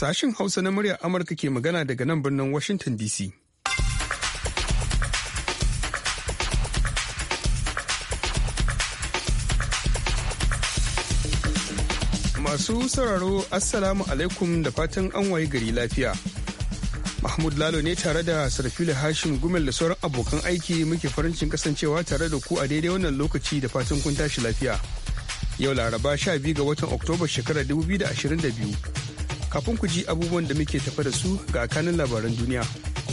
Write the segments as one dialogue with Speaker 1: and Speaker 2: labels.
Speaker 1: Sashen Hausa na muryar Amurka ke magana daga nan birnin Washington DC. Masu sauraro Assalamu alaikum da fatan an waye gari lafiya. Mahmud Lalo ne tare da Sarfili Hashim Gumel da sauran abokan aiki muke farin kasancewa tare da ku a daidai wannan lokaci da fatan kun tashi lafiya. Yau Laraba 12 ga watan Oktoba shekarar 2022. kafin ku ji abubuwan da muke tafa da su ga kanin labaran duniya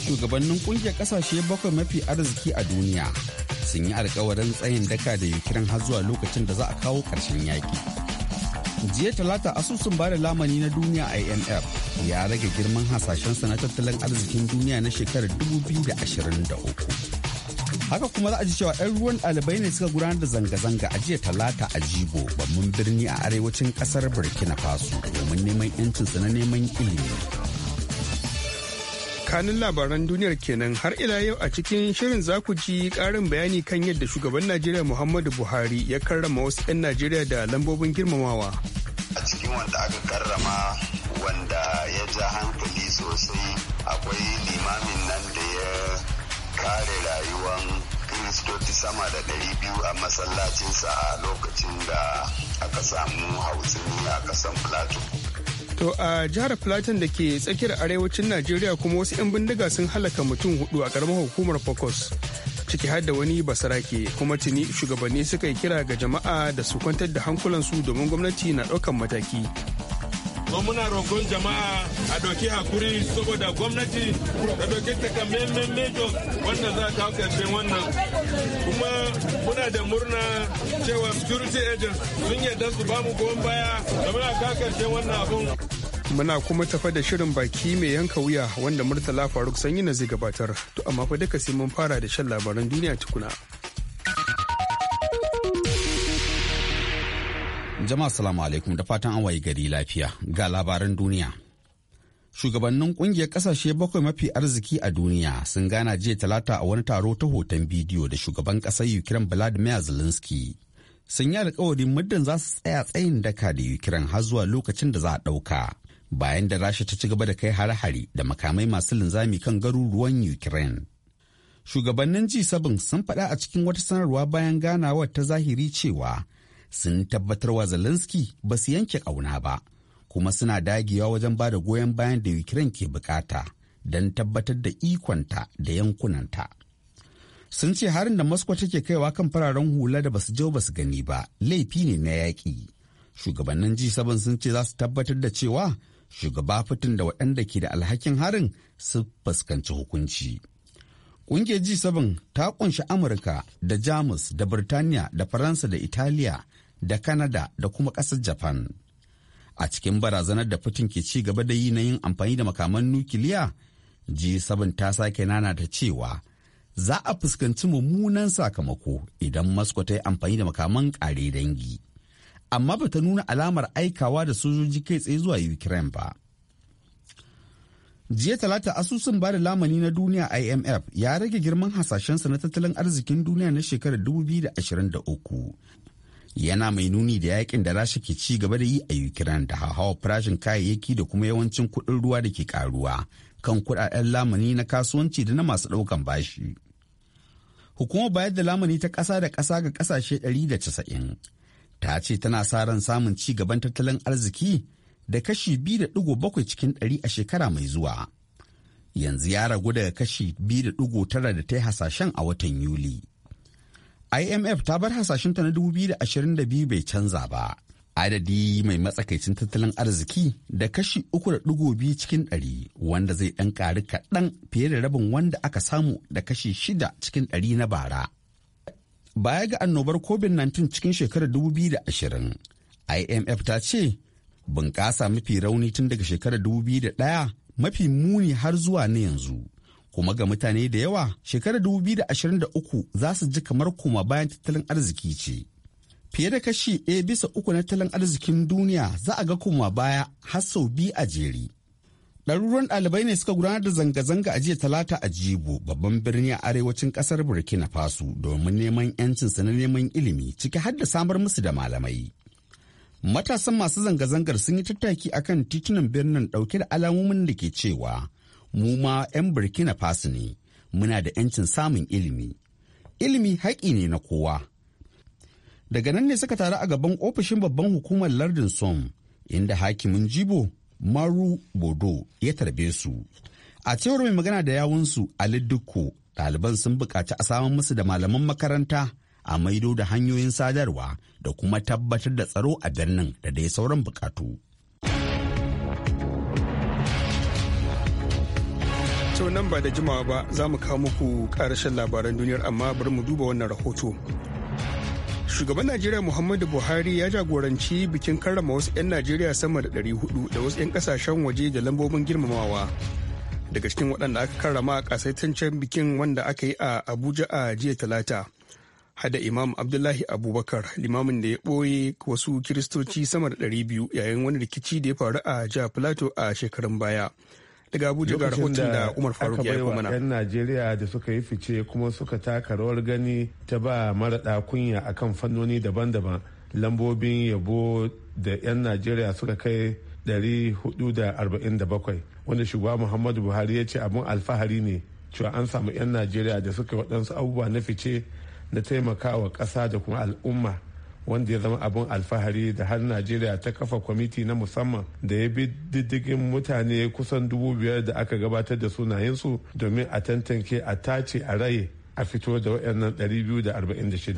Speaker 1: shugabannin kungiyar kasashe bakwai mafi arziki a duniya sun yi
Speaker 2: alkawarin tsayin daka da yukirin har zuwa lokacin da za a kawo karshen yaki jiya talata asusun ba da lamani na duniya imf ya rage girman hasashensa na tattalin arzikin duniya na shekarar 2023 haka kuma za a ji cewa 'yan ruwan ɗalibai ne suka gudanar da zanga-zanga a jiya talata a jibo babban birni a arewacin ƙasar
Speaker 1: burkina faso domin neman 'yancinsu na neman ilimi kanin labaran duniyar kenan har ila yau a cikin shirin za ku ji karin bayani kan yadda shugaban najeriya muhammadu buhari ya karrama wasu 'yan najeriya da lambobin girmamawa
Speaker 3: a cikin wanda aka karrama wanda ya ja hankali sosai akwai limamin nan kare rayuwan kiristoci sama da ɗari biyu a masallacinsa a lokacin da aka samu hausini a kasan plateau
Speaker 1: To a jihar Plateau da ke tsakiyar arewacin Najeriya kuma wasu 'yan bindiga sun halaka mutum hudu a karamar hukumar Focus. ciki har da wani basarake kuma tuni shugabanni suka yi kira ga jama'a da su kwantar da hankulansu domin gwamnati na ɗaukan mataki.
Speaker 4: kuma muna rogon jama'a a doki hakuri saboda gwamnati da doki takamaiman mejo wanda za ta karshen wannan kuma muna da murna cewa security agents sun yarda su bamu goyon baya da muna ka karshen wannan abun
Speaker 1: Muna kuma tafa da shirin baki mai yanka wuya wanda Murtala Faruk sanyi na zai gabatar, to amma fa duka sai mun fara da shan labaran duniya tukuna.
Speaker 2: Jama'a salamu alaikum da fatan an waye gari lafiya ga labaran duniya. Shugabannin kungiyar kasashe bakwai mafi arziki a duniya sun gana jiya talata a wani taro ta hoton bidiyo da shugaban kasar Ukraine Vladimir Zelensky. Sun yi alkawarin muddin za su tsaya tsayin daka da Ukraine har zuwa lokacin da za a ɗauka. Bayan da Rasha ta ci gaba da kai hare-hare da makamai masu linzami kan garuruwan Ukraine. Shugabannin G7 sun faɗa a cikin wata sanarwa bayan ganawar ta zahiri cewa sun tabbatar wa Zelensky ba su yanke ƙauna ba, kuma suna dagewa wajen ba da goyon bayan da Ukraine ke bukata don tabbatar da ikonta da yankunanta. Sun ce harin da Moscow take kaiwa kan fararen hula da basu je basu gani ba laifi ne na yaƙi. Shugabannin G7 sun ce za su tabbatar da cewa shugaba fitin da waɗanda ke da alhakin harin su fuskanci hukunci. Ƙungiyar G7 ta ƙunshi Amurka da Jamus da Birtaniya da Faransa da Italiya da kanada da kuma ƙasar Japan. A cikin barazanar da Putin ke ci gaba da yi na yin amfani da makaman nukiliya, G7 ta sake nana ta cewa za a fuskanci mummunan sakamako idan Moscow ta yi amfani da makaman ƙare dangi. Amma ba ta nuna alamar aikawa da sojoji kai tsaye zuwa Ukraine ba. jiya talata asusun bada lamani na duniya imf ya rage girman hasashensa na tattalin arzikin duniya na shekarar 2023 yana mai nuni da yakin da rasha ke ci gaba da yi a ukraine da hauhawar farashin kayayyaki da kuma yawancin kuɗin ruwa da ke karuwa kan kuɗaɗen Lamani na kasuwanci da na masu ɗaukan bashi hukumar bayar da Lamani ta ƙasa da ƙasa ga ƙasashe 190 ta ce tana sa ran samun ci gaban tattalin arziki da kashi 2.7 cikin 100 a shekara mai zuwa yanzu ya ragu daga kashi 2.9 da ta yi hasashen a watan yuli imf ta bar ta na 2022 bai canza ba adadi mai matsakaicin tattalin arziki da kashi 3.2 cikin 100 wanda zai ɗan ƙari kaɗan fiye da rabin wanda aka samu da kashi 6 cikin 100 na bara baya ga annobar covid-19 cikin shekarar 2020 imf ta ce bunƙasa mafi rauni tun daga shekarar 2001 mafi muni har zuwa na yanzu kuma ga mutane da yawa shekarar 2023 za su ji kamar koma bayan tattalin arziki ce. Fiye da kashi ɗaya bisa uku na tattalin arzikin duniya za a ga koma baya har sau biyu a jeri. Ɗaruruwan ɗalibai ne suka gudanar da zanga-zanga a jiya talata a Jibo babban birni a arewacin ƙasar Burkina Faso domin neman su na neman ilimi ciki har da samar musu da malamai. Matasan masu zanga-zangar sun yi tattaki akan titunan birnin ɗauke da alamomin da ke cewa mu ma 'yan burkina faso ne muna da 'yancin samun ilimi ilimi haƙi ne na kowa daga nan ne suka taru a gaban ofishin babban hukumar lardin som inda hakimin jibo maru bodo ya tarbe su a cewar mai magana da yawunsu ali dukko ɗaliban sun buƙaci a samun musu da malaman makaranta a maido da hanyoyin sadarwa da kuma tabbatar da tsaro a birnin da dai sauran
Speaker 1: bukatu. To nan ba da jimawa ba za mu kawo muku karashen labaran duniyar amma bari mu duba wannan rahoto. Shugaban Najeriya Muhammadu Buhari ya jagoranci bikin karrama wasu 'yan Najeriya sama da 400 da wasu 'yan kasashen waje da lambobin girmamawa. Daga cikin waɗanda aka karrama a kasaitancen bikin wanda aka yi a Abuja a jiya Talata. hada imam abdullahi abubakar limamin da ya ɓoye wasu kiristoci sama da 200 yayin wani rikici da ya faru a jihar plateau a shekarun baya daga abuja ga rahoton da umar faruk ya yi mana yan
Speaker 4: najeriya da suka yi fice kuma suka taka rawar gani ta ba mara kunya akan fannoni daban-daban lambobin yabo da yan najeriya suka kai 447 wanda shugaba muhammadu buhari ya ce abin alfahari ne cewa an samu yan najeriya da suka yi waɗansu abubuwa na fice na taimakawa ƙasa da kuma al'umma wanda ya zama abin alfahari da har najeriya ta kafa kwamiti na musamman da ya bi diddigin mutane kusan dubu biyar da aka gabatar da sunayensu domin a tantance a tace a raye a fito da waɗannan 246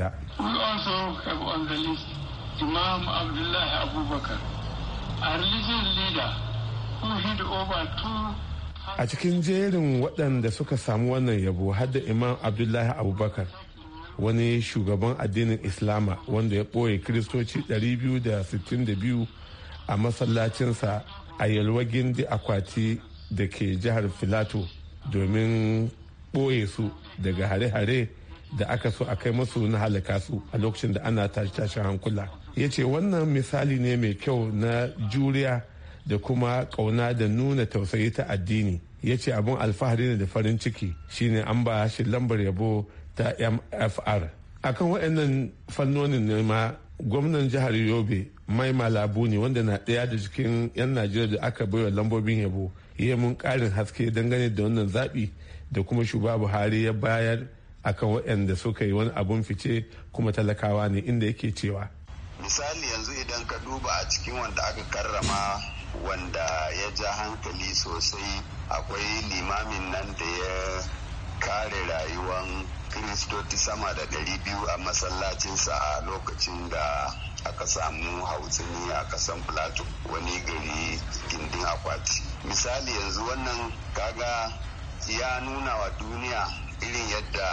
Speaker 4: Imam Abdullahi Abubakar, a religion leader over two a cikin jerin waɗanda suka samu wannan yabo hadda imam abdullahi abubakar wani shugaban addinin islama wanda ya ɓoye kiristoci 262 a masallacinsa a yalwa gindi akwati da ke jihar filato domin ɓoye su daga hare-hare da aka so a kai masu na halaka su a lokacin da ana tashin hankula ya ce wannan misali ne mai kyau na juriya da kuma ƙauna da nuna tausayi ta addini ya ce abin alfahari ne da farin ciki shine an ba shi lambar yabo ta mfr akan waɗannan fannonin ne ma gwamnan jihar yobe mai malabu ne wanda na ɗaya da cikin 'yan najeriya da aka baiwa lambobin yabo ya mun ƙarin haske dangane da wannan zaɓi da kuma shugaba buhari ya bayar akan waɗanda suka yi wani abun fice kuma talakawa ne inda yake cewa
Speaker 3: misali yanzu idan ka duba a cikin wanda aka karrama wanda ya ja hankali sosai akwai limamin nan da ya kare rayuwan kiristoci sama da ɗari biyu a masallacinsa a lokacin da aka samu hautsini a kasan plateau wani gari gindin akwati misali yanzu wannan kaga ya nuna wa duniya irin yadda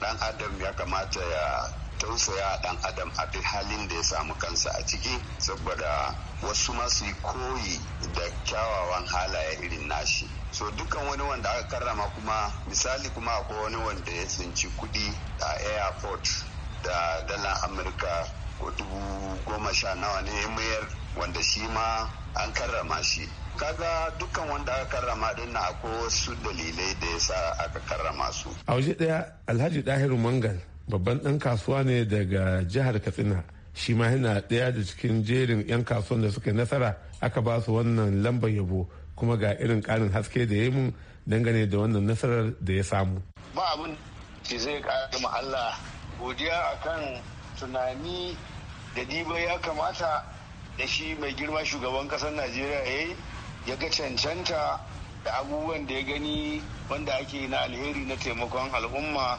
Speaker 3: dan adam ya kamata ya tausaya dan adam a halin da ya samu kansa a ciki saboda wasu masu koyi da kyawawan halaye irin nashi so dukkan wani wanda aka karrama kuma misali kuma akwai wani wanda ya tsinci kuɗi a airport da dalar amurka ko dubu goma sha nawa ne mayar wanda shi ma an karrama shi kaga dukkan wanda aka karrama din na akwai wasu dalilai da yasa
Speaker 4: aka karrama su a waje daya alhaji dahiru mangal babban dan kasuwa ne daga jihar katsina shi ma yana daya da cikin jerin yan kasuwan da suka nasara aka ba su wannan lambar yabo kuma ga irin karin haske da ya yi mun dangane da wannan nasarar da ya samu
Speaker 3: ba abin ce zai kare ma Allah godiya akan tunani da diba ya kamata da shi mai girma shugaban kasar Najeriya ya yi ya ga cancanta da abubuwan da ya gani wanda ake na alheri na taimakon al'umma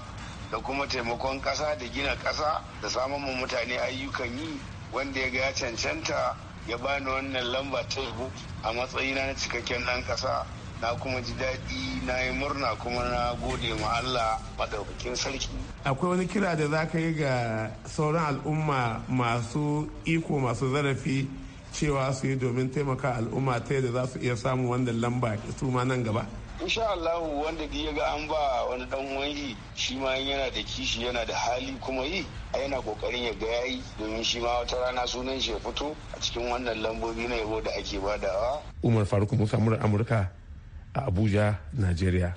Speaker 3: da kuma taimakon ƙasa da gina ƙasa da samun mutane ayyukan yi wanda ya ga ya cancanta ya bani wannan lamba ta yabo a matsayina na cikakken ɗan ƙasa na kuma ji daɗi na yi murna kuma na gode ma Allah madaukakin sarki.
Speaker 4: Akwai wani kira da za ka yi ga sauran al'umma masu iko masu zarafi cewa su yi domin taimaka al'umma ta yadda za su iya samun wannan lamba su ma nan gaba?
Speaker 3: insha Allah wanda ya ga an ba wani dan wani shi ma yana da kishi yana da hali kuma yi a yana kokarin ya ga yayi domin shi ma wata rana sunan shi ya fito a cikin wannan lambobi na yabo da ake badawa
Speaker 4: Umar Faruk Musa Amurka a Abuja Nigeria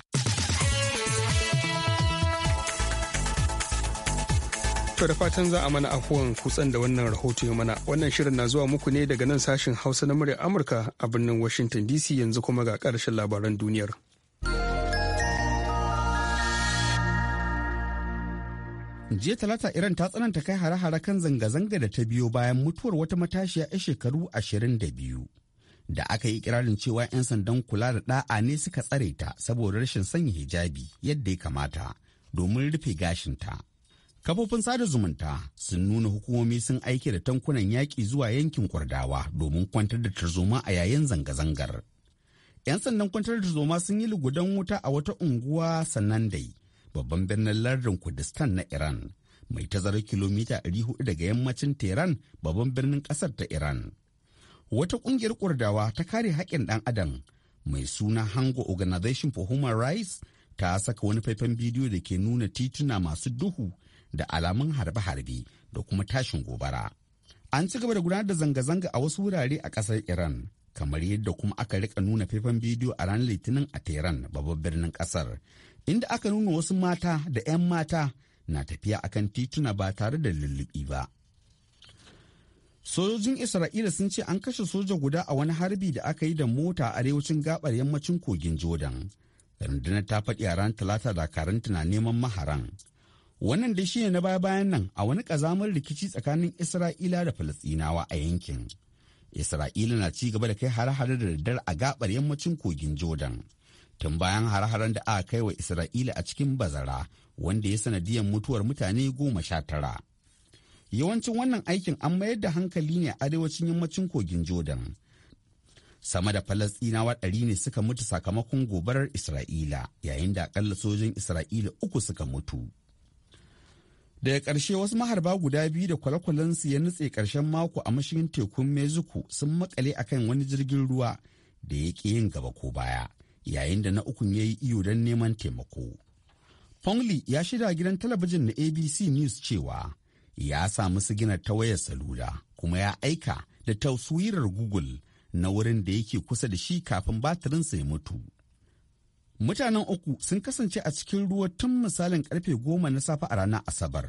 Speaker 1: To da fatan za a mana afuwan kutsan da wannan rahoto mana wannan shirin na zuwa muku ne daga nan sashen hausa na murya Amurka a birnin Washington DC yanzu kuma ga karshen labaran duniyar. jiya talata iran
Speaker 2: ta tsananta kai hare-hare kan zanga-zanga da ta biyo bayan mutuwar wata matashiya 'yan shekaru ashirin da biyu, da aka yi kirarin cewa 'yan sandan kula da da'a ne suka tsare ta saboda rashin sanya hijabi yadda ya kamata domin rufe gashinta kafofin sada zumunta sun nuna hukumomi sun aiki da tankunan yaƙi zuwa yankin kwardawa domin kwantar da tarzoma a yayin zanga-zangar 'yan sandan kwantar da tarzoma sun yi lugudan wuta a wata unguwa sannan dai babban birnin lardin Kurdistan na Iran, mai tazarar kilomita 400 daga yammacin Tehran babban birnin ƙasar ta Iran. Wata ƙungiyar Kurdawa ta kare haƙƙin ɗan adam mai suna Hango Organization for Human Rights ta saka wani faifan bidiyo da ke nuna tituna masu duhu da alamun harbe-harbe da kuma tashin gobara. An ci gaba da gudanar da zanga-zanga a wasu wurare a ƙasar Iran, kamar yadda kuma aka rika nuna faifan bidiyo a ranar Litinin a Tehran, babban birnin ƙasar, inda aka nuna wasu mata da 'yan mata na tafiya akan tituna ba tare da lullubi ba. Sojojin Isra'ila sun ce an kashe soja guda a wani harbi da aka yi da mota a arewacin gabar yammacin kogin Jordan. Rundunar ta faɗi a ran talata dakaranta na neman maharan. Wannan da shi ne na baya bayan nan a wani ƙazamar rikici tsakanin Isra'ila da Falasɗinawa a yankin. Isra'ila na ci gaba da kai hare-hare da daddare a gabar yammacin kogin Jordan. tun bayan har-haren da aka kai wa Isra'ila a cikin bazara wanda ya sanadiyar mutuwar mutane goma sha tara. Yawancin wannan aikin an mayar da hankali ne a arewacin yammacin kogin Jordan. Sama da Falasɗinawa ɗari ne suka mutu sakamakon gobarar Isra'ila yayin da akalla sojin Isra'ila uku suka mutu. Daga ƙarshe wasu maharba guda biyu da kwale-kwalensu ya nutse ƙarshen mako a mashigin tekun Mezuku sun makale akan wani jirgin ruwa da ya ƙi yin gaba ko baya. yayin da na ukun ya yi iyo don neman taimako. Pongli ya shirya gidan talabijin na ABC News cewa ya samu siginar ta wayar salula kuma ya aika da taswirar Google na wurin da yake kusa da shi kafin batirinsa ya mutu. Mutanen uku sun kasance a cikin ruwa tun misalin karfe goma na safe a ranar Asabar.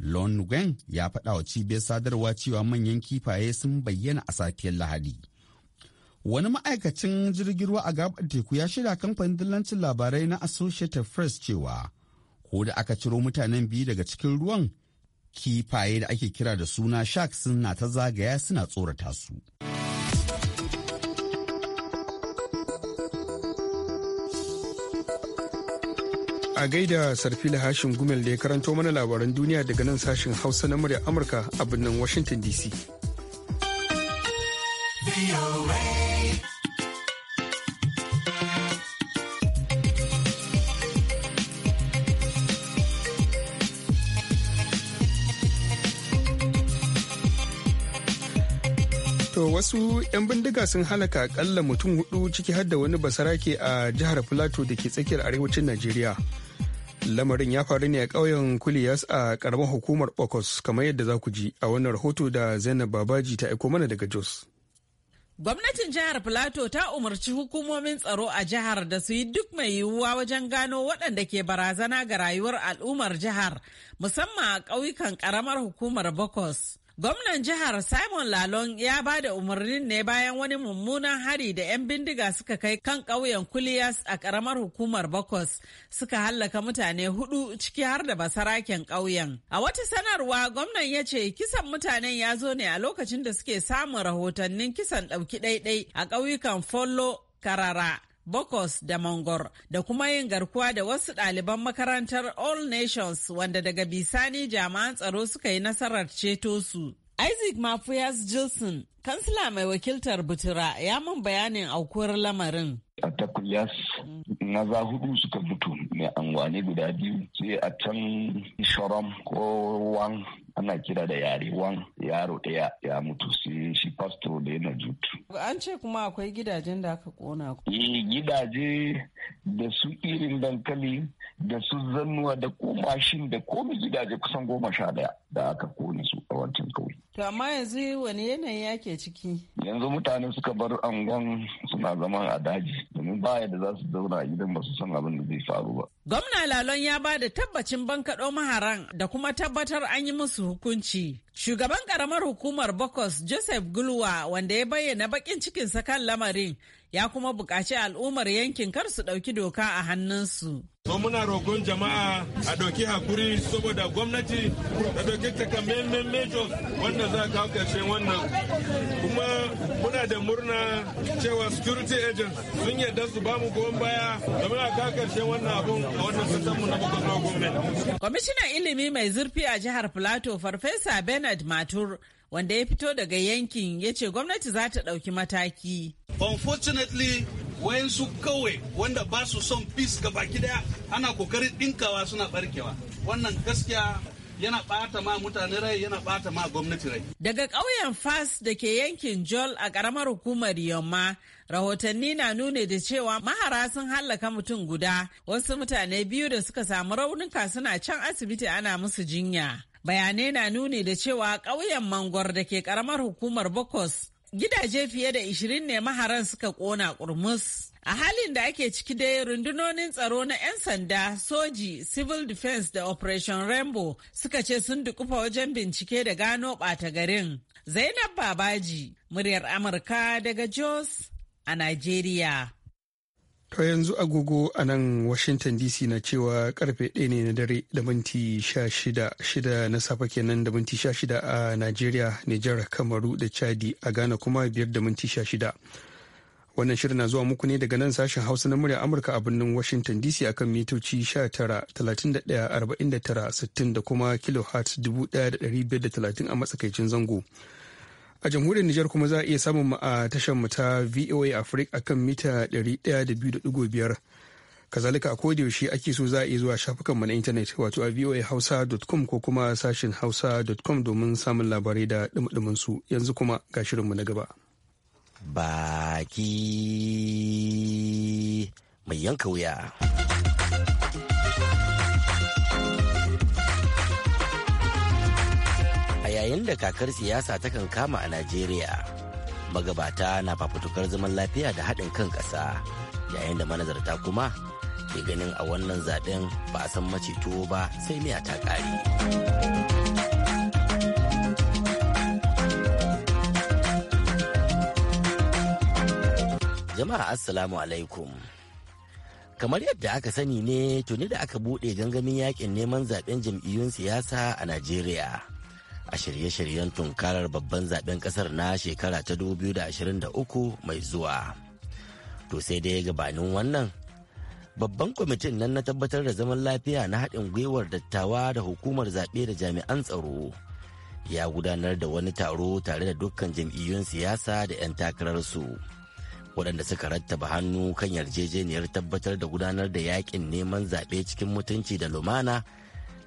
Speaker 2: Lon Nguyen ya faɗa wa cibiyar sadarwa cewa manyan kifaye sun bayyana a safiyar Lahadi. wani ma'aikacin jirgin ruwa a gabar teku ya shirya kamfanin dillancin labarai na associated press cewa ko da aka ciro mutanen biyu daga cikin ruwan kifaye da ake kira da suna shark suna ta zagaya suna tsorata su
Speaker 1: a gaida sarfila hashin gumel da ya karanto mana labaran duniya daga nan sashen hausa na murya amurka a birnin washington dc To wasu 'yan bindiga sun halaka akalla mutum hudu ciki har da wani basarake a jihar Filato da ke tsakiyar arewacin Najeriya. Lamarin ya faru ne a ƙauyen Kuliyas a ƙaramar hukumar Okos kamar yadda za ku ji a wannan rahoto da Zainab Babaji ta aiko mana daga Jos.
Speaker 5: Gwamnatin jihar Filato ta umarci hukumomin tsaro a jihar da su yi duk mai yiwuwa wajen gano waɗanda ke barazana ga rayuwar al'ummar jihar, musamman a ƙauyukan ƙaramar hukumar Bokos. Gwamnan jihar Simon Lalon ya ba da umarnin ne bayan wani mummunan hari da 'yan bindiga suka kai kan ƙauyen Kuliyas a ƙaramar hukumar Bakos suka hallaka mutane hudu ciki har da basaraken ƙauyen. A wata sanarwa gwamnan ya ce kisan mutanen ya zo ne a lokacin da suke samun rahotannin kisan ɗauki ɗaiɗai a ƙauyukan Follo, Karara, Bokos da Mangor da kuma yin garkuwa da wasu ɗaliban makarantar All Nations wanda daga bisani jami'an tsaro suka yi nasarar ceto su. Isaac Mafuyas Gilson Kansila mai wakiltar Butura ya mun bayanin aukuwar lamarin. a
Speaker 3: na za hudu suka mutu mai angwani guda biyu sai a can shoram ko wan ana kira da yare wan yaro daya ya mutu sai shi pasto da yana jutu.
Speaker 5: an ce kuma akwai gidajen da aka kona ku.
Speaker 3: Eh, gidaje da su irin dankali da su zannuwa da komashin da komi gidaje kusan goma sha daya da aka kone su a wancan kauye.
Speaker 5: to amma yanzu wani yanayi yake ake ciki?
Speaker 3: Yanzu mutane suka bar angon suna zama a daji domin ba yadda za su zauna a gidan ba su san abin
Speaker 6: da zai faru ba.
Speaker 5: Gwamna Lalon ya ba da tabbacin bankaɗo maharan da kuma tabbatar an yi musu hukunci. Shugaban karamar hukumar Bokos Joseph Gulwa wanda ya bayyana bakin cikinsa kan lamarin ya kuma buƙaci al'ummar yankin kar su ɗauki doka a hannunsu.
Speaker 4: Kuma muna rogon jama'a a ɗauki hakuri saboda gwamnati da ɗauki takamaiman majors wanda za kawo ƙarshen wannan. Kuma muna da murna cewa security agents sun yarda su ba mu goyon baya da muna kawo ƙarshen
Speaker 5: wannan abun a wannan sassanmu na bukatar gwamnati. Kwamishinan ilimi mai zurfi a jihar Filato Farfesa Bena Leonard Matur wanda ya fito daga yankin ya ce gwamnati za ta ɗauki mataki.
Speaker 2: Unfortunately, wayansu kawai wanda ba su son peace baki daya ana kokarin ɗinkawa suna barkewa. Wannan gaskiya yana ɓata ma mutane rai yana ɓata ma gwamnati rai.
Speaker 5: Daga ƙauyen Fas da ke yankin Jol a ƙaramar hukumar Yamma, rahotanni na nuna da cewa mahara sun hallaka mutum guda, wasu mutane biyu da suka samu raunuka suna can asibiti ana musu jinya. Bayanai na nuni da cewa ƙauyen Mangwar da ke ƙaramar hukumar Bokos gidaje fiye da 20 ne maharan suka ƙona ƙurmus. A halin da ake ciki dai rundunonin tsaro na 'yan sanda, soji, civil defense da Operation Rainbow suka ce sun dukufa wajen bincike da gano ɓata garin. Zainab Babaji, muryar Amurka daga Jos a Najeriya.
Speaker 1: To yanzu agogo a nan Washington DC na cewa karfe ɗaya ne na dare da minti shida na safe kenan da minti shida a Najeriya, Nijar, Kamaru da Chadi a Ghana kuma biyar da minti shida Wannan shirin na zuwa muku ne daga nan sashen Hausa na murya Amurka a birnin Washington DC akan mitoci 19, 31, 49, 60 da kuma kilohertz 1530 a matsakaicin zango. a jamhuriyar Nijar kuma za a iya samun mu a tashar mu ta VOA Africa akan mita 102.5 kazalika a yaushe ake so za a iya zuwa shafukanmu na intanet wato a voahausa.com ko kuma sashin hausa.com domin samun labarai da dumdumin su yanzu kuma ga shirinmu na gaba
Speaker 6: baki mai yanka wuya yayin da kakar siyasa ta kan kama a najeriya magabata na fafutukar zaman lafiya da haɗin kan ƙasa yayin da manazarta kuma ke ganin a wannan zaɓen ba a san mace tuwo ba sai miya ta ƙare. jama'a assalamu alaikum kamar yadda aka sani ne tuni da aka buɗe gangamin yaƙin neman zaɓen jam'iyyun siyasa a najeriya a shirye-shiryen tunkarar babban zaben kasar na shekara ta 2023 mai zuwa to sai dai gabanin wannan babban kwamitin nan na tabbatar da zaman lafiya na haɗin gwiwar dattawa da hukumar zaɓe da jami'an tsaro ya gudanar da wani taro tare da dukkan jam'iyyun siyasa da 'yan takararsu. wadanda suka rattaba hannu kan yarjejeniyar tabbatar da gudanar da yakin neman zaɓe cikin mutunci da lumana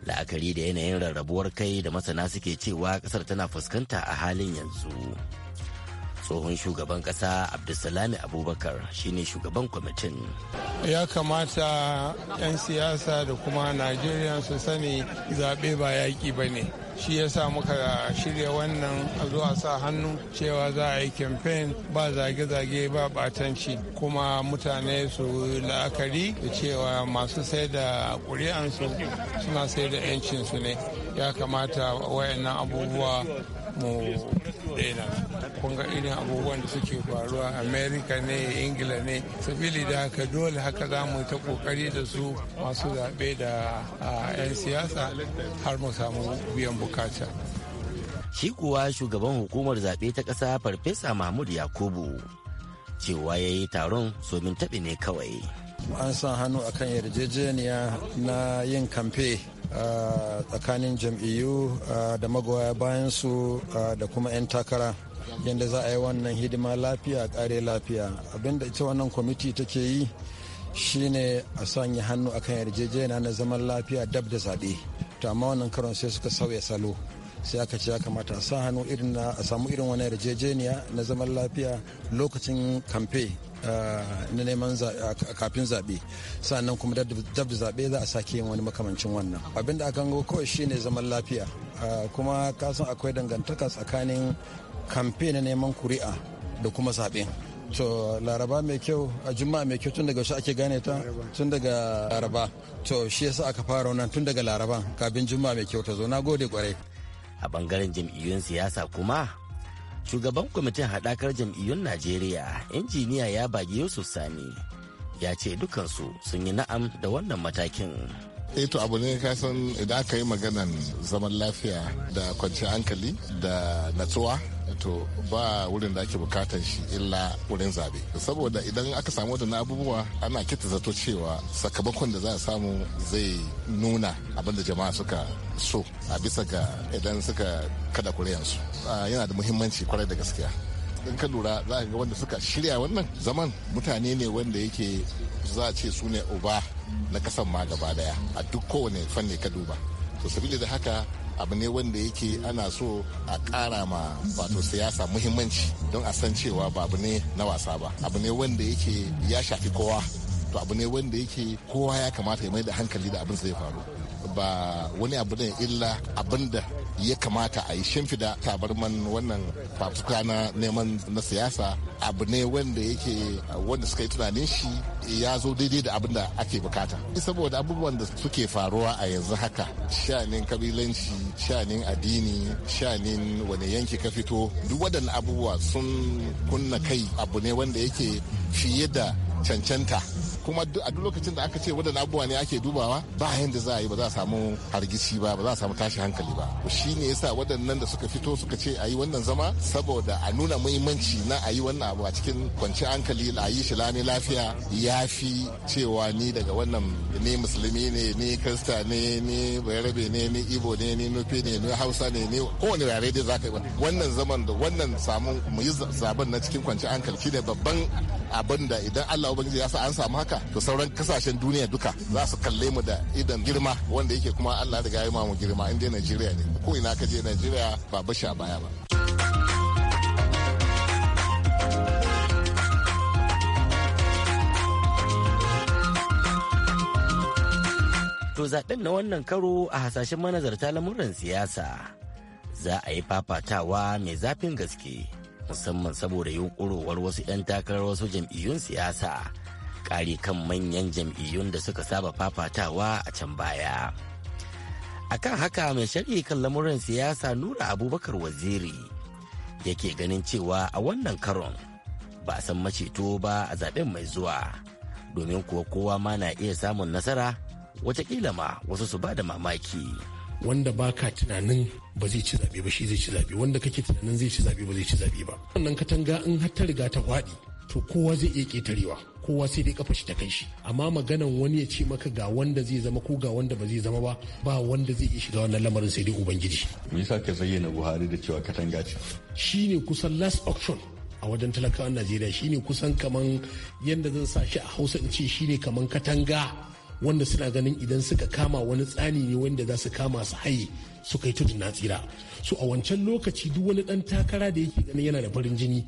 Speaker 6: la'akari da yanayin rarrabuwar kai da masana suke cewa kasar tana fuskanta a halin yanzu. tsohon shugaban kasa abdulsalami abubakar shine shugaban kwamitin
Speaker 4: ya kamata 'yan siyasa da kuma najeriya su sani zaɓe ba yaƙi ba ne shi ya sa muka shirya wannan a zuwa sa hannu cewa za a yi kamfen ba zage-zage ba batanci kuma mutane su la'akari da cewa masu sai da ƙuri'ansu suna sai da 'yancinsu ne ya kamata wayannan abubuwa mu daina kun ga irin abubuwan da suke faruwa america ne ingila ne sabili da haka dole haka za mu ta kokari da su masu zaɓe da 'yan siyasa har mu samu biyan bukata
Speaker 6: shi kuwa shugaban hukumar zaɓe ta ƙasa farfesa mahmud yakubu cewa ya yi taron somin taɓi ne kawai an san hannu akan
Speaker 7: yarjejeniya na yin kamfe tsakanin jam'iyyu da magoya bayansu da kuma 'yan takara yadda za a yi wannan hidima lafiya kare lafiya abinda ita wannan kwamiti take yi shine a sanya hannu akan yarjejeniya na zaman lafiya dab da zaɓe to amma wannan karon sai suka sauya salo sai aka ce ya kamata a sa hannu irin a samu irin wani yarjejeniya na zaman lafiya lokacin kamfe Eh, na neman eh, kafin zaɓe sannan kuma dab da zaɓe za a sake yin wani makamancin wannan abin da aka gango kawai ne zaman lafiya eh, kuma kasan akwai dangantaka tsakanin kamfe na neman kuri'a da kuma zaɓe to laraba mai kyau a juma'a mai kyau tun daga shi ake gane ta tun daga laraba to shi yasa aka fara wannan tun daga laraba kafin juma'a mai kyau ta zo na gode kwarai
Speaker 6: a bangaren jam'iyyun siyasa kuma shugaban kwamitin haɗakar jam'iyyun najeriya injiniya ya bagi yusuf sani ya ce dukansu sun yi na'am da
Speaker 8: wannan matakin Eto eh to abu ne ka san idan aka yi maganan zaman lafiya da kwanciyar hankali da natsuwa to ba wurin da ake bukatan shi illa wurin zabe saboda idan aka samu da abubuwa ana kita zato cewa sakamakon da za a samu zai nuna abin da jama'a suka so a bisa ga idan suka kada kuriyansu yana da muhimmanci kwarai da gaskiya in ka lura za ga wanda suka shirya wannan zaman mutane ne wanda yake za a ce su ne uba na kasan ma gaba daya a duk kowane fanni ka duba to sabili da haka abu ne wanda yake ana so a ƙara ma wato siyasa muhimmanci don a san cewa ba abu ne na wasa ba abu ne wanda yake ya shafi kowa to abu ne wanda yake kowa ya kamata ya mai da hankali da abin zai faru ba wani abu ne illa abin da ya kamata a yi shimfida tabarman wannan fafuka na neman na siyasa abu ne wanda yake wanda suka yi tunanin shi ya zo daidai da abin da ake bukata saboda abubuwan da suke faruwa a yanzu haka shanin kabilanci shanin addini shanin wani yanki ka fito duk waɗannan abubuwa sun kunna kai abu ne wanda yake fiye da cancanta kuma a duk lokacin da aka ce wadda abubuwa ne ake dubawa ba yanda za a yi ba za a samu hargitsi ba ba za a samu tashi hankali ba shi ne yasa waɗannan da suka fito suka ce a yi wannan zama saboda a nuna muhimmanci na a yi wannan abu a cikin kwanci hankali a yi shi lami lafiya ya fi cewa ni daga wannan ni musulmi ne ni kirista ne ni bayarabe ne ni ibo ne ni nufi ne ni hausa ne ni kowane yare dai za ka yi wannan zaman da wannan samun mu yi zaben na cikin kwanci hankali shi ne babban abin da idan allah ubangiji ya sa an samu haka haka to sauran kasashen duniya duka za su kalle mu da idan girma wanda yake kuma Allah da ma mu girma inda Najeriya ne ko ina ka je Najeriya ba bashi a baya ba
Speaker 6: To zaɓen na wannan karo a hasashen manazarta lamuran siyasa za a yi fafatawa mai zafin gaske musamman saboda yunkurowar wasu 'yan takarar wasu jam'iyyun siyasa kare kan manyan jam'iyyun da suka saba fafatawa a can baya A kan haka mai shari'i kan lamuran siyasa nura abubakar waziri yake ganin cewa a wannan karon ba san maceto ba a zaben mai zuwa domin kuwa kowa ma na iya samun nasara watakila ma wasu su ba da mamaki wanda baka tunanin ba
Speaker 9: zai ci zaɓe ba shi zai ci zaɓe wanda kake tunanin zai ci zaɓe ba zai ci zaɓe ba wannan katanga in har ta riga ta faɗi to kowa zai iya ƙetarewa kowa sai dai kafa shi ta kai shi amma maganan wani ya ce maka ga wanda zai zama ko ga wanda ba zai zama ba ba wanda zai iya shiga wannan lamarin sai dai ubangiji
Speaker 10: me yasa ka zayyana Buhari da cewa katanga ce
Speaker 9: shine kusan last auction a wajen talakawan Najeriya shine kusan kaman yanda zan sa shi a Hausa in ce shine kaman katanga wanda suna ganin idan suka kama wani tsani ne wanda za su kama su haye suka yi tudu na tsira so a wancan lokaci duk wani dan takara da yake ganin yana da farin jini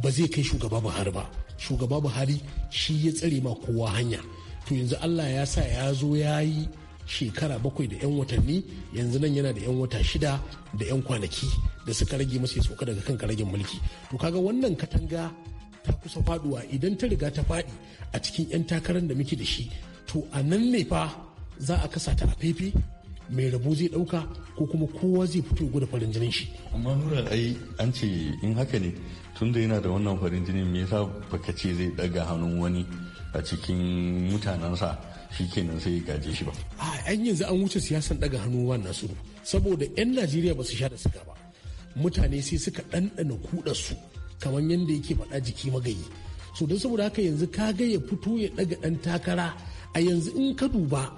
Speaker 9: ba zai kai shugaba buhari ba shugaba buhari shi ya tsare ma kowa hanya to yanzu allah ya sa ya zo ya yi shekara bakwai da 'yan watanni yanzu nan yana da 'yan wata shida da 'yan kwanaki da suka rage masa ya sauka daga kanka karagen mulki to kaga wannan katanga ta kusa faduwa idan ta riga ta faɗi a cikin 'yan takarar da muke da shi to a nan ne fa za a kasa ta a fefe mai rabo zai ɗauka ko kuma kowa zai fito gudu farin jinin shi
Speaker 10: amma nura ai an ce in haka ne tun da yana da wannan farin jinin me yasa baka ce zai daga hannun wani a cikin mutanensa shi kenan sai ya gaje shi ba.
Speaker 9: a yan yanzu an wuce siyasan daga hannu wannan su saboda yan najeriya ba su sha da suka ba mutane sai suka ɗanɗana kuɗa su kamar yadda yake faɗa jiki magayi so don saboda haka yanzu ka ga ya fito ya ɗaga ɗan takara a yanzu in ka duba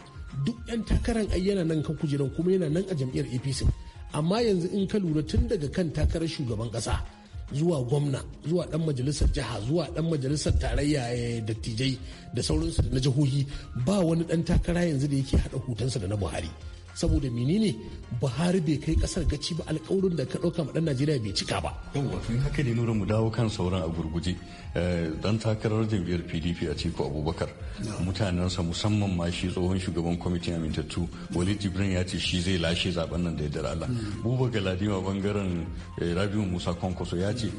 Speaker 9: duk 'yan takaran ai yana nan ka kujeran kuma yana nan a jam'iyyar apc amma yanzu in ka lura tun daga kan takarar shugaban ƙasa zuwa gwamna zuwa dan majalisar jiha zuwa dan majalisar tarayya eh, dattijai da sauransu da na jihohi ba wani dan takara yanzu da yake hada hutansa da na buhari saboda menene buhari bai kai kasar gaci ba alkawarin da ka ɗauka ma ɗan najeriya bai cika ba
Speaker 10: yawwa tun haka ne nura mu dawo kan sauran a gurguje eh, dan takarar jam'iyyar pdp a ciko abubakar mutanensa musamman ma shi tsohon shugaban kwamitin amintattu walid jibrin ya ce shi zai lashe zaben nan da yardar allah hmm. buba galadima bangaren eh, rabiu musa kwankwaso ya ce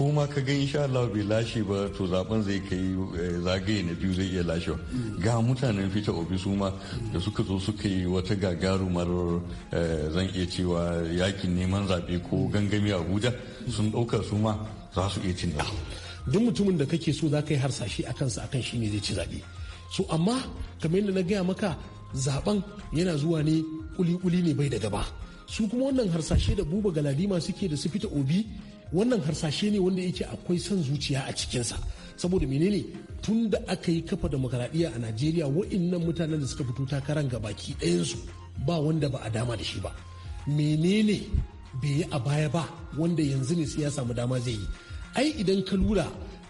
Speaker 10: kuma ka ga insha Allah bai lashe ba to zaben zai kai eh, zagaye na biyu zai iya lashe ga mutanen fita obi su ma da suka zo suka yi wata gagarumar eh, zan iya cewa yakin neman zaɓe ko gangami Abuja sun ɗauka su ma za su iya cin duk
Speaker 9: mutumin da kake so za ka yi harsashi a kansa akan shi ne zai ci zaɓe so amma kamar yadda na gaya maka zaben yana zuwa ne kuli-kuli ne bai da gaba su kuma wannan harsashe da buba galadima suke da su fita obi wannan harsashe ne wanda yake akwai son zuciya a cikinsa saboda menene tun da aka yi kafa demokaradiyya a najeriya wa'innan mutanen da suka fito takarar gabaki ɗayansu ba wanda ba a dama da shi ba menene bai yi a baya ba wanda yanzu ne sai ya samu dama zai yi ai idan ka lura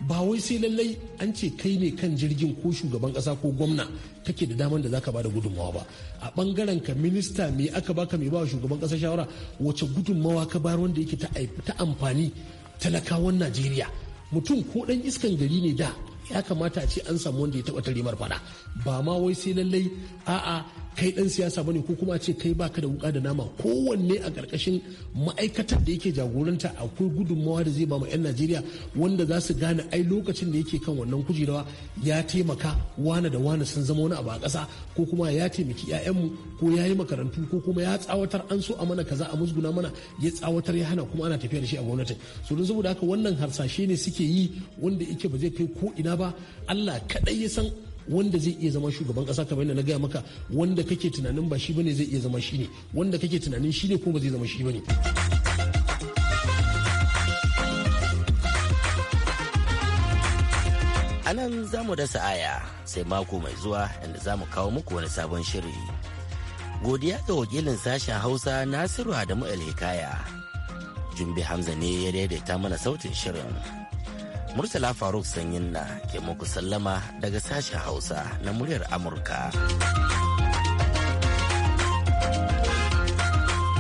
Speaker 9: ba wai sai lallai an ce kai ne kan jirgin ko shugaban kasa ko gwamna kake da daman da zaka da gudunmawa ba a bangaren ka minista me aka baka me ba shugaban kasa shawara wace gudunmawa ka bayar wanda yake ta amfani talakawan Najeriya mutum ko dan iskan gari ne da ya kamata a ce an samu wanda ya taba tarimar fada ba ma wai sai lallai a'a kai dan siyasa bane ko kuma a ce kai baka da wuka da nama kowanne a karkashin ma'aikatar da yake jagoranta akwai gudunmawa da zai ba mu 'yan najeriya wanda za su gane ai lokacin da yake kan wannan kujerawa ya taimaka wane da wane sun zama wani abu a ƙasa ko kuma ya taimaki 'ya'yanmu ko ya yi makarantu ko kuma ya tsawatar an so a mana kaza a musguna mana ya tsawatar ya hana kuma ana tafiya da shi a gwamnatin so don saboda haka wannan harsashe ne suke yi wanda yake ba zai kai ko ina ba allah kadai ya san wanda zai iya zama shugaban kasa kamar yadda na gaya maka wanda kake tunanin ba shi bane zai iya zama shi ne wanda kake tunanin shi ne ko ba zai zama shi bane
Speaker 6: a nan za mu dasa aya sai mako mai zuwa inda za mu kawo muku wani sabon shiri godiya ga wakilin sashen hausa nasiru adamu alhikaya jumbi hamza ne ya daidaita mana sautin shirin Murtala Faruk Sanyin na ke muku sallama daga sashen Hausa na muryar Amurka.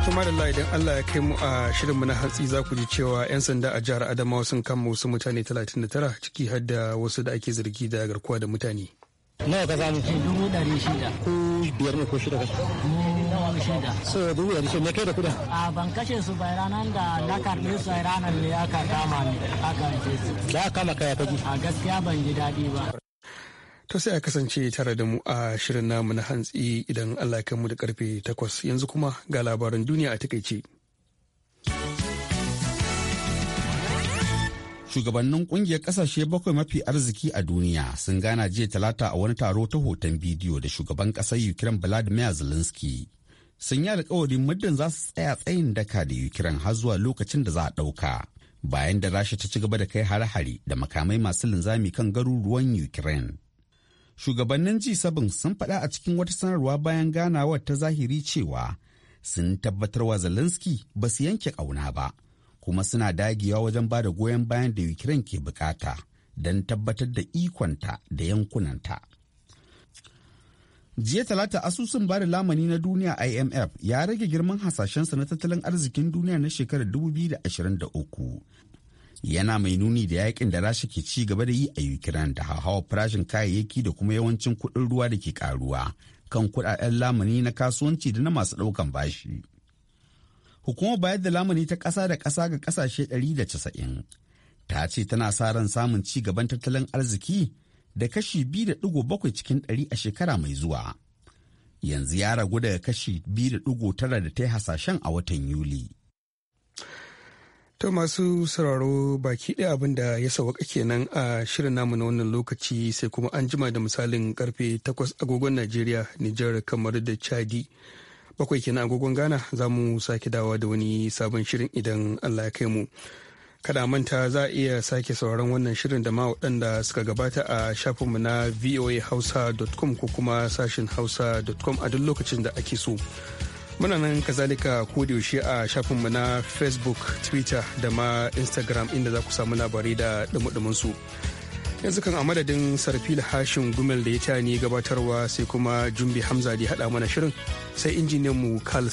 Speaker 6: kuma da idan Allah ya kai
Speaker 1: mu a shirinmu na hatsi za ku ji cewa 'yan sanda a jihar Adamawa sun kama wasu mutane 39 ciki har da wasu da ake zargi da garkuwa da mutane.
Speaker 6: Nawa ka sami? Dubu ɗari shida.
Speaker 9: Ko biyar ne ko shida ka mu shida. So dubu ban
Speaker 6: kashe daɗi ba.
Speaker 1: To sai a kasance tare da mu a shirin namu na hantsi idan Allah ya mu da karfe takwas yanzu kuma ga labaran duniya a takaice. Shugabannin kungiyar kasashe
Speaker 2: bakwai mafi arziki a duniya sun gana jiya talata a wani taro ta hoton bidiyo da shugaban kasar Ukraine Vladimir Zelensky sun yi alkawarin muddin za su tsaya tsayin daka da ukraine har zuwa lokacin da za a ɗauka bayan da rasha ta ci gaba da kai hare-hare da makamai masu linzami kan garuruwan ukraine shugabannin g7 sun faɗa a cikin wata sanarwa bayan ganawar ta zahiri cewa sun wa zelensky ba su yanke ƙauna ba kuma suna dagewa wajen ba da goyon bayan da ukraine ke bukata don tabbatar da ikonta da yankunanta jiya talata asusun bada lamani na duniya imf ya rage girman hasashensa na tattalin arzikin duniya na shekarar 2023 yana mai nuni da yakin da rasha ke ci gaba da yi a ukraine da hauhawar farashin kayayyaki da kuma yawancin kuɗin ruwa da ke karuwa kan kuɗaɗen lamani na kasuwanci da na masu ɗaukan bashi hukumar bayar da lamani ta ƙasa da ƙasa ga ƙasashe 190 ta ce tana sa ran samun ci gaban tattalin arziki da kashi biyu da bakwai cikin ɗari a shekara mai zuwa. Yanzu ya ragu daga kashi biyu da tara da ta yi hasashen a watan Yuli.
Speaker 1: ta masu sauraro baki ɗaya abin da ya sauka kenan a shirin namu na wannan lokaci sai kuma an jima da misalin karfe 8 agogon Najeriya, Nijar kamar da Chadi. Bakwai kenan agogon Ghana za mu sake dawa da wani sabon shirin idan Allah ya kai mu. kada manta za a iya sake sauran wannan shirin da ma waɗanda suka gabata a shafinmu na voahausa.com ko kuma sashin hausa.com a duk lokacin da ake so muna nan kazalika ko yaushe a shafinmu na facebook twitter da ma instagram inda za ku samu labarai da dumudumin su yanzu kan a madadin sarfil hashin gumel da ya ta ni gabatarwa sai kuma jumbi hamza da ya haɗa mana shirin sai injiniyanmu carl